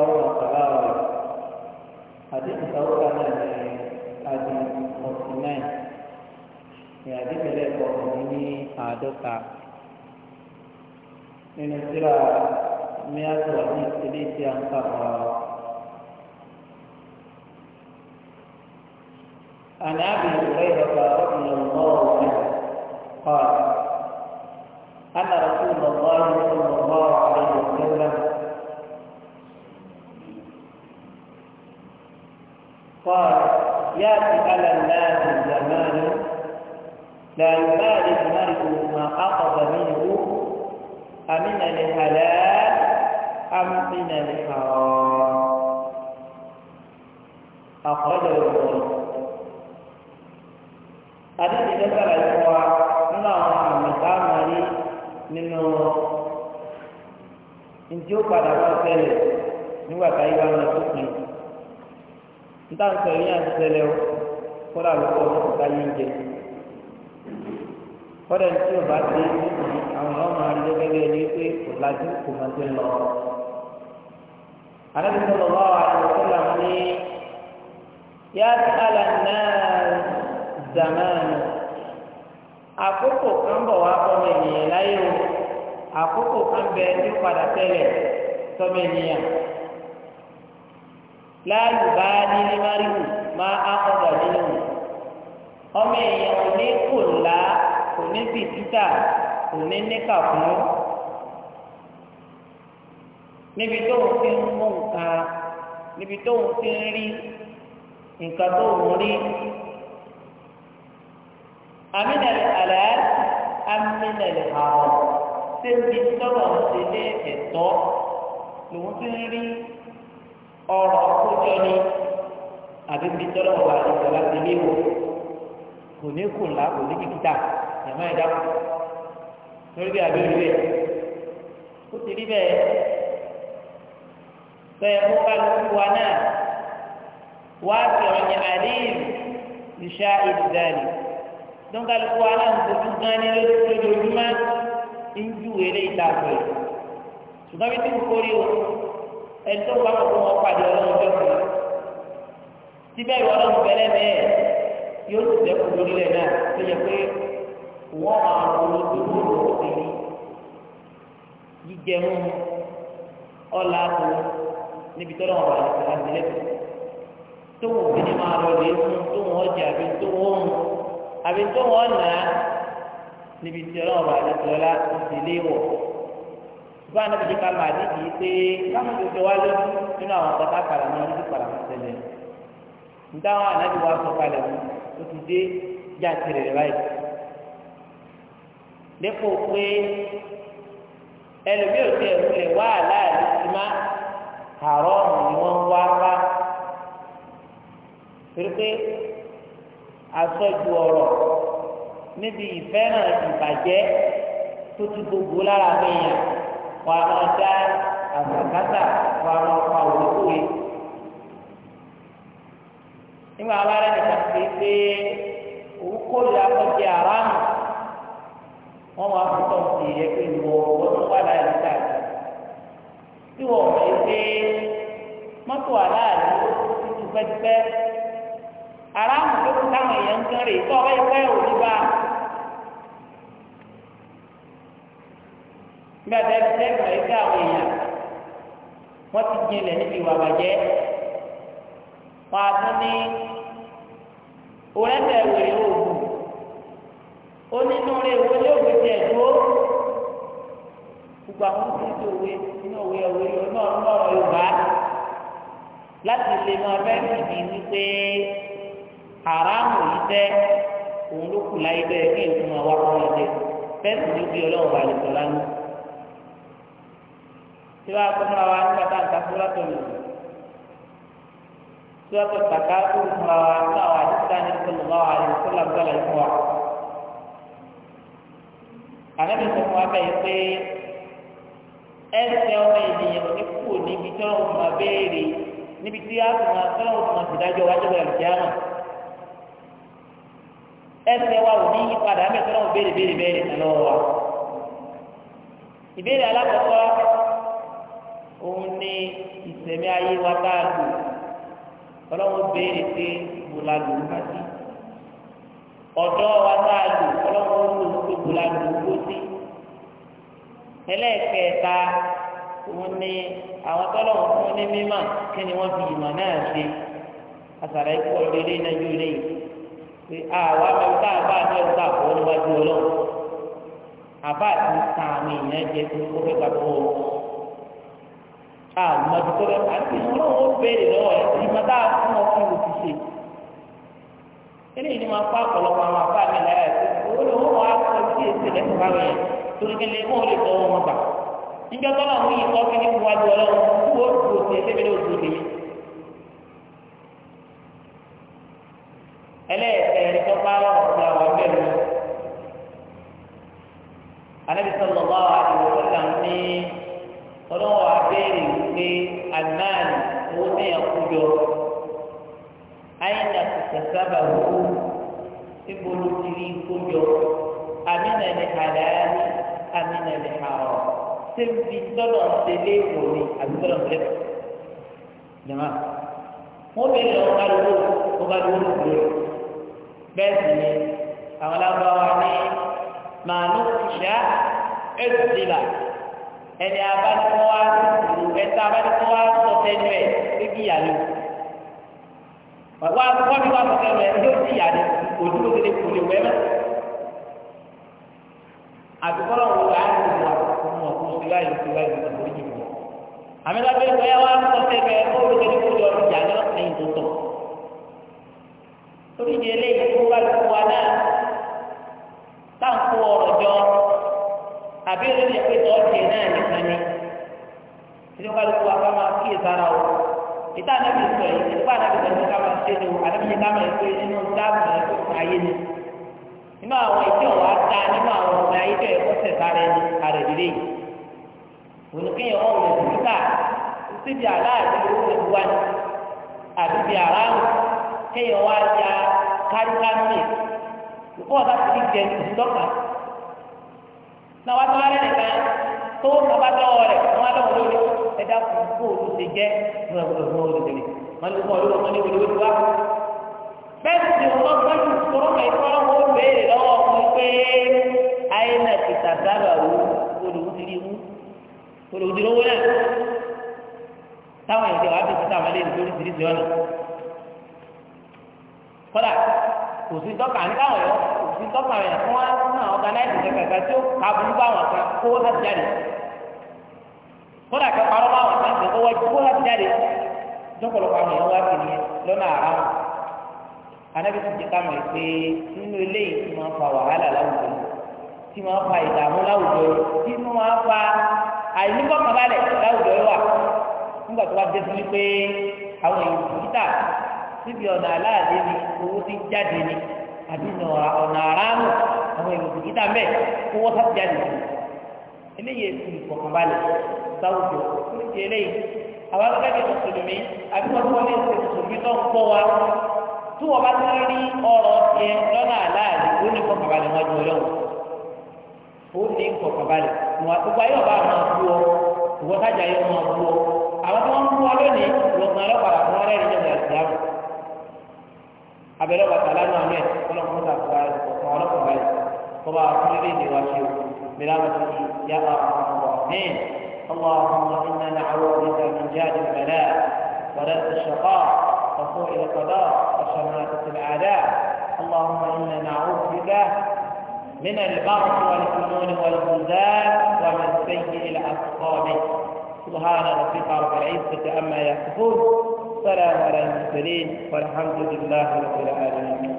àwọn àkàrà rẹ̀ àdéhùn sáwọ́kà náà ní adi forty nine ní àdéhùn ẹlẹ́kọ̀ọ́ ọ̀hún ní àádọ́ta nínú síra mẹ́àtọ̀ ní ìpínlẹ̀ tí a wa. عن ابي هريره رضي الله عنه قال ان رسول الله صلى الله عليه وسلم قال ياتي على الناس زمان لا يبالي المرء ما أخذ منه أمن الحلال أم من الحرام أخرجه البخاري أدري ذكر الإخوة من محمد عمري منه إن جوك على ما سأله نوى كايبا من السكين níta ń sọ yìí náà ti ṣẹlẹ̀ o kọ́dà ló kọ́ ọ̀sán ká yín jẹ kọ́dà ní tí o bá dé níbi àwọn ọmọ àdúgbò gẹ́gẹ́ ní pé kò lajú kò máa ti lọ. àdàbí sọ̀rọ̀ wá wà ní sọ́là ní yá sálà náà zàmánù àkókò kan bọ̀ wá bọ́mọ ènìyàn láyé o àkókò kan bẹ ní padà tẹ́lẹ̀ sọ́mọ ènìyàn láàyò bá nílé máríwù máa ákọ̀dà nínú ọmọ èèyàn ò ní kò lá kò ní bìkítà kò ní níkà fún níbi tó ń fi ń mú nǹkan níbi tó ń fi rí nǹkan tó ń rí amínà àlẹ́ amínà àwọn ṣé ibi tọ́lọ̀ ń ṣe lé ẹ̀tọ́ lòun ti ń rí ọ̀rọ̀ kójọ ni àbí bí tọ́lọ̀ wà nígbà láti ilé wo kò ní kùn lá kò ní kìkìtà yàmá ẹ̀dá kù lórí bí abẹ́rẹ́ rẹ̀ ó ti rí bẹ́ẹ̀ bẹ́ẹ̀ kó kálukú wa náà wá sí ọ̀yìn àdéhùn ìṣá ìdìdàlì dọ́ńkálukú wa náà ń fojú gan ní lójoojúmọ́ ń ju eré ìtàkùn ṣùgbọ́n bí tí kò kórè o ẹni tó ń bá wọn kó wọn pàdé ọlọ́run jọ fún un síbẹ̀ ìwọ ọlọ́run bẹ̀rẹ̀ mẹ́ẹ̀ yóò sì dẹ́kun lórílẹ̀ náà tó yẹ pé wọ́n máa ronú tó lóòrò òsèlú jíjẹ mú ọ̀la tó níbi tọ́lọ́ wọn bàlẹ̀ sọ̀rọ̀ àtìlẹ́kùn tó wọn òbí ni máa lọ lè mú tó wọn ọjà àbí tó wọn mú àbí tó wọn nà níbi tí ọlọ́run bàlẹ̀ sọ̀rọ̀ àtìlẹ́wọ̀ bá anabi jẹ ká lọ àdéhìí pé káwọn tó jọ wá lójú nínú àwọn ọ̀gá kàrà ní orí kàrà ń ṣẹlẹ̀ nítawọn anabi wa sọ kalẹ̀ mu ó ti dé já tirẹ̀ rẹ̀ báyìí dépò pé ẹlòmí ò tiẹ̀ wá láàrin sí má àárọ̀ ni wọ́n wá bá torí pé asọ́jú ọ̀rọ̀ níbi ìfẹ́ràn ìbàjẹ́ tó ti gbogbo lára mi yàn wà á máa dá àgbàkátà wà á máa fa òwúkúwe. nígbà wà rẹ̀ nìkan ti pé òwúkó ìlà kọjá àrámù wọ́n máa fi tọ́ sí ẹ pé ìwọ ọ̀gbọ́n tó wà láyé níta tí wọ́n mọ̀ ẹ́ pé mọ́tò aláàlú tuntun pẹ́tipẹ́ àrámù tó kú táwọn èèyàn ń kán rè tọ́ ọ bá yẹ pé òní bá a. gbàdá ẹgbẹ́ ẹgbẹ́ àwọn èèyàn wọ́n ti jinlẹ̀ níbi ìwà bàjẹ́ wọ́n á tún ní òrẹ́tẹ̀ wèrè oògùn onínú rẹ̀ wo ni òwe tiẹ̀ dúró gbogbo àwọn tó ń tó òwe inú òwe òwe oná ọlọ́rọ̀ yorùbá láti lè máa fẹ́ fìdí wípé haramu yìí tẹ́ òun ló kù láyé bẹ́ẹ̀ kí èkó máa wá kọ́ ọ́ lọ́dẹ bẹ́ẹ̀ sì ló bí ọlọ́run wà lẹ́kọ̀ọ́ lánàá tí wàá kọ́ múra wa nígbà tá à ń ta fúlá tó lò tí wàá kọ́ tàkà tó wa ní àwọn àdìsíta ní sọlọ lọ́wọ́ àyè sọlọ gbọ́dọ̀ yìí wà. ànábì sọ fún níbi tí wọ́n máa béèrè níbi tí a tún máa tọ́lọ́ tún máa ṣèdájọ́ wájú wẹ̀ lùjáàmù ẹsẹ̀ wa ò ní yípadà àmì tọ́lọ́ béèrè béèrè béèrè lọ́wọ́ wa ìbéèrè alákọ̀ọ́kọ́ ìsẹ̀mí ayé wa tá a lò ọlọ́run béèrè pé mo la lò ó kásí ọ̀dọ́ wa tá a lò ọlọ́run lò ó pé mo la lò ó kósí ẹlẹ́ẹ̀kẹta òun ni àwọn tọ́lọ́run fún ní mímọ̀ kí ni wọ́n fi ìmọ̀ náà ṣe àtàrà ikú ọ̀rẹ́ ilé náà yóò lé yìí pé àwa máa bá àbá àti ọ̀gá àbọ̀ níwájú ọlọ́run àbá àti sàmì ìyẹn jẹ́ pé ó fẹ́ gbàgbọ́ ọ̀rọ̀ àmọ́tò rẹ̀ àti ìṣòro béèrè lọ́wọ́ ẹ̀ ìmọ̀ tá a fún ọ fún òtún ṣe. eléyìí ni máa pa ọ̀pọ̀lọpọ̀ àwọn àbá mi láyà sí owó lówó wọn á kọ sí èsì lẹ́sìn bá wẹ̀ torí kí lè mú òun lè tọ́ wọn gbà. níjọ́ tọ́lá òun yìí kọ́ kí ní wájú ọlọ́run kú ó dùn ẹ̀sẹ̀bẹ̀rẹ̀ òdùn òdè yìí. tó bá rọ̀ ọlọ́wọ́ abẹ́rẹ́ wípé alimani owó tẹ̀yàn kújọ ayélujára kìkẹ́ sábà wò ó síbo ló ti rí kújọ amínà ní àdáyàní amínà ní àrọ sẹ́ńtì tọ́lọ̀ ṣẹlẹ̀ wòlé àbí tọ́lọ̀ ṣẹlẹ̀ jama wọ́n bẹ̀rẹ̀ ọ̀gá lówó ọ̀gá lówó lòdùn bẹ́ẹ̀ sì ni àwọn alábáwá ní màánù ìṣá ẹ̀sìn ẹni abánikọ́ wa lù ẹni abánikọ́ wa sọ tẹnu ẹ ebi yà lò wa kọ́ mi wa sọ tẹnu ẹ yóò ti yà lò òdúró ti lè kú lè wẹ́ mọ́ àtúkọ́lọ́ wo la yà lò wà fún ọkùn sí láyé sí láyé lọ sí orí ìwọ àmì lábẹ́ ìwọ yà wà sọ tẹnu ẹ kó olùkọ́ ní kó lọ ìjà ní ọ̀sẹ̀yìn tó tọ̀ torí ìdí eléyìí kó wà lọ́wọ́ wa náà táǹkó ọ̀rọ̀ jọ. àbí olórí ẹgbẹ́ tó ọ̀jẹ̀ náà nìkan ni ìdí kálukú wa ká máa kí ìsára o ìta anábì sọ yìí ìdúpọ̀ anábì sọ yìí ká máa ṣe ni o anábì ká máa ṣe nínú dáàbò fún ayé ni nínú àwọn ìdí ọ̀wá ta nínú àwọn ọ̀gbìn ayé tó sára ẹni ìdílé yìí wọn wọlé síbi aláàbí wa ni aráàlú kéèyàn wá ya mi náà wá tó wá lẹ́nu kan tó bàbá dánwò rẹ̀ wọ́n á lọ́wọ́ lórí ẹ̀dá fún kó o ti jẹ́ fún ẹ̀kọ́ fún ọdún tẹ̀lé wọ́n ti kọ́ olóró wọn ní olówó tó wá. bẹ́ẹ̀ sì wọ́n gbọ́n ju kóró kẹ́kọ́ ó béèrè lọ́wọ́ fún pé ayé náà ti tàgbàrà wò olùwúdìrí wú olùwúdìrí owó náà táwọn èdè wàá bẹ̀rẹ̀ sí àwọn lórí ìdílé ọ̀nà kódà kò sí tọ́ka ní káwọn kò sí tọ́ka rẹ̀ fún wa náà ọ̀gá náà kankan tí ó ka burú bá wọn kan kó wọ́n láti jáde kódà kan parọ́ bá wọn kan kó wọ́n láti jáde dọ́kọ̀lọpọ̀ àwọn èèyàn wá sí ni lọ́nà àrà wọn anabi ti di kama pé nínú eléyìí tí máa fa wàhálà láwùjọ tí máa fa ìdààmú láwùjọ tí máa fa àìníkọ̀kànbalẹ̀ láwùjọ wà nígbà tó bá dé sí pé àwọn èèyàn kìíta síbi ọ̀nà aláàlẹ́ ni owó ti jáde ni àbí ọ̀nà àránù àwọn èrò ìdídà mẹ kó wọ́n sábà jáde sí eléyìí èsì ìfọ̀kànbalẹ̀ sáwùjọ oníṣẹ eléyìí àwọn akẹ́kẹ́ mùsùlùmí àbí wọn tó wọlé ìṣe mùsùlùmí tó ń kọ́ wa tí wọn bá ti rí ọ̀rọ̀ tiẹ̀ lọ́nà àláàlú ó ní ìfọ̀kànbalẹ̀ wọn jù ọlọ́wọ́ ó ní ìfọ̀kànbalẹ̀ wọn àtúgbò ayé ọba àwọn àbú ọ ìwọ sájà ayé wọn àbú ọ àwọn tí wọn ń bú ọ lónìí lọ́gbọ̀n ọlọ́pàá fún ọ̀rẹ́ ìjọba ìsìlámù abẹ́rẹ́ bàtà lánàá ní ẹ̀ ọlọ́pàá طبعا كل واشيو برحمته يا ارحم الراحمين اللهم انا نعوذ بك من جاد البلاء ولذة الشقاء وسوء القضاء وشماتة الاعداء اللهم انا نعوذ بك من البرد والفنون والبلدان ومن سيء الاسقام سبحان ربك رب العزه عما يصفون سلام على المرسلين والحمد لله رب العالمين